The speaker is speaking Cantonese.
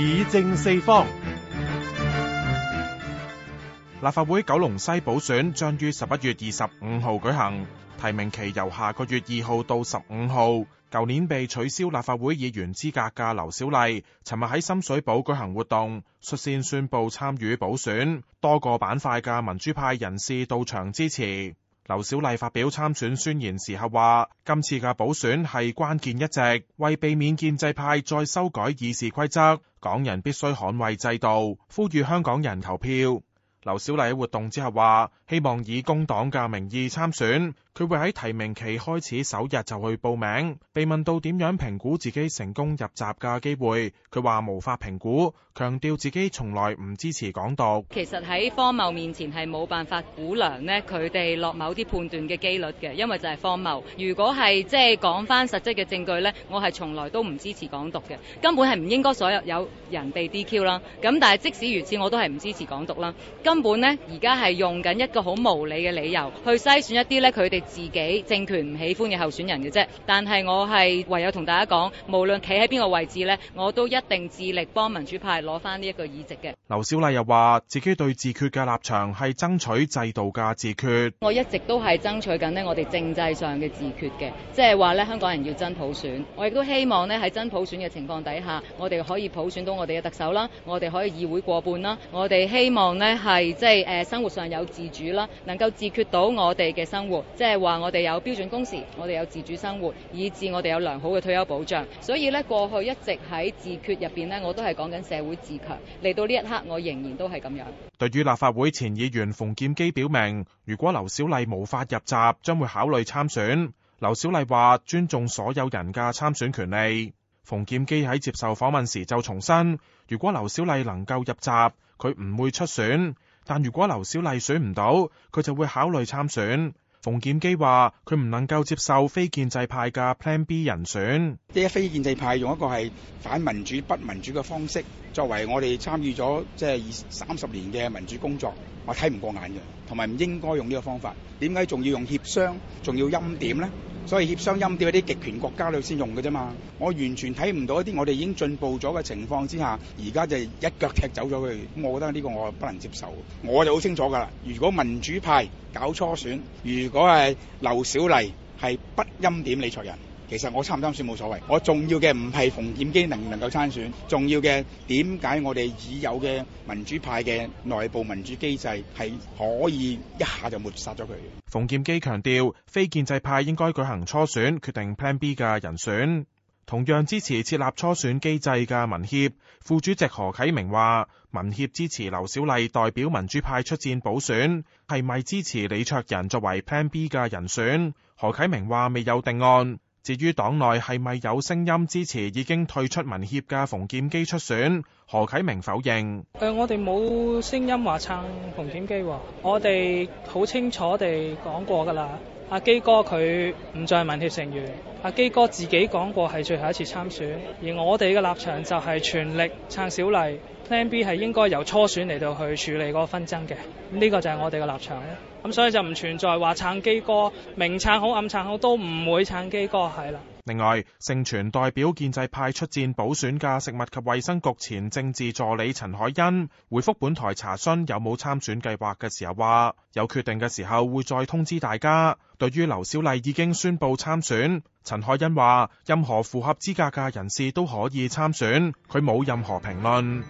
議政四方。立法會九龍西補選將於十一月二十五號舉行，提名期由下個月二號到十五號。舊年被取消立法會議員資格嘅劉小麗，尋日喺深水埗舉行活動，率先宣布參與補選，多個板塊嘅民主派人士到場支持。劉小麗發表參選宣言時候話，今次嘅補選係關鍵一席，為避免建制派再修改議事規則，港人必須捍衛制度，呼籲香港人投票。劉小麗喺活動之後話，希望以工黨嘅名義參選。佢會喺提名期開始首日就去報名。被問到點樣評估自己成功入閘嘅機會，佢話無法評估，強調自己從來唔支持港獨。其實喺荒謬面前係冇辦法估量呢，佢哋落某啲判斷嘅機率嘅，因為就係荒謬。如果係即係講翻實質嘅證據呢，我係從來都唔支持港獨嘅，根本係唔應該所有有人被 DQ 啦。咁但係即使如此，我都係唔支持港獨啦。根本呢，而家係用緊一個好無理嘅理由去篩選一啲呢佢哋自己政權唔喜歡嘅候選人嘅啫，但係我係唯有同大家講，無論企喺邊個位置呢，我都一定致力幫民主派攞翻呢一個議席嘅。劉小麗又話：自己對自決嘅立場係爭取制度嘅自決。我一直都係爭取緊呢我哋政制上嘅自決嘅，即係話呢香港人要真普選。我亦都希望呢喺真普選嘅情況底下，我哋可以普選到我哋嘅特首啦，我哋可以議會過半啦，我哋希望呢係即係誒生活上有自主啦，能夠自決到我哋嘅生活，即係話我哋有標準工時，我哋有自主生活，以致我哋有良好嘅退休保障。所以呢，過去一直喺自決入邊呢，我都係講緊社會自強。嚟到呢一刻，我仍然都係咁樣。對於立法會前議員馮檢基表明，如果劉小麗無法入閘，將會考慮參選。劉小麗話尊重所有人嘅參選權利。馮檢基喺接受訪問時就重申，如果劉小麗能夠入閘，佢唔會出選；但如果劉小麗選唔到，佢就會考慮參選。馮檢基話：佢唔能夠接受非建制派嘅 Plan B 人選，呢一非建制派用一個係反民主、不民主嘅方式，作為我哋參與咗即係二三十年嘅民主工作。我睇唔過眼嘅，同埋唔應該用呢個方法。點解仲要用協商，仲要欽點呢？所以協商欽點嗰啲極權國家裏先用嘅啫嘛。我完全睇唔到一啲我哋已經進步咗嘅情況之下，而家就一腳踢走咗佢。我覺得呢個我不能接受。我就好清楚㗎啦。如果民主派搞初選，如果係劉小麗係不欽點李卓人。其實我參唔參選冇所謂，我重要嘅唔係馮檢基能唔能夠參選，重要嘅點解我哋已有嘅民主派嘅內部民主機制係可以一下就抹殺咗佢。馮檢基強調，非建制派應該舉行初選，決定 Plan B 嘅人選。同樣支持設立初選機制嘅民協副主席何啟明話，民協支持劉小麗代表民主派出戰補選，係咪支持李卓人作為 Plan B 嘅人選？何啟明話未有定案。至於黨內係咪有聲音支持已經退出民協嘅馮檢基出選，何啟明否認。誒、呃，我哋冇聲音話撐馮檢基喎，我哋好清楚地講過㗎啦。阿、啊、基哥佢唔再係民協成員。阿基哥自己講過係最後一次參選，而我哋嘅立場就係全力撐小麗，Plan B 係應該由初選嚟到去處理嗰個紛爭嘅，呢、這個就係我哋嘅立場。咁所以就唔存在話撐基哥，明撐好、暗撐好，都唔會撐基哥，係啦。另外，盛傳代表建制派出戰補選嘅食物及衛生局前政治助理陳凱欣回覆本台查詢有冇參選計劃嘅時候話：有決定嘅時候會再通知大家。對於劉小麗已經宣佈參選。陳凱欣話：任何符合資格嘅人士都可以參選，佢冇任何評論。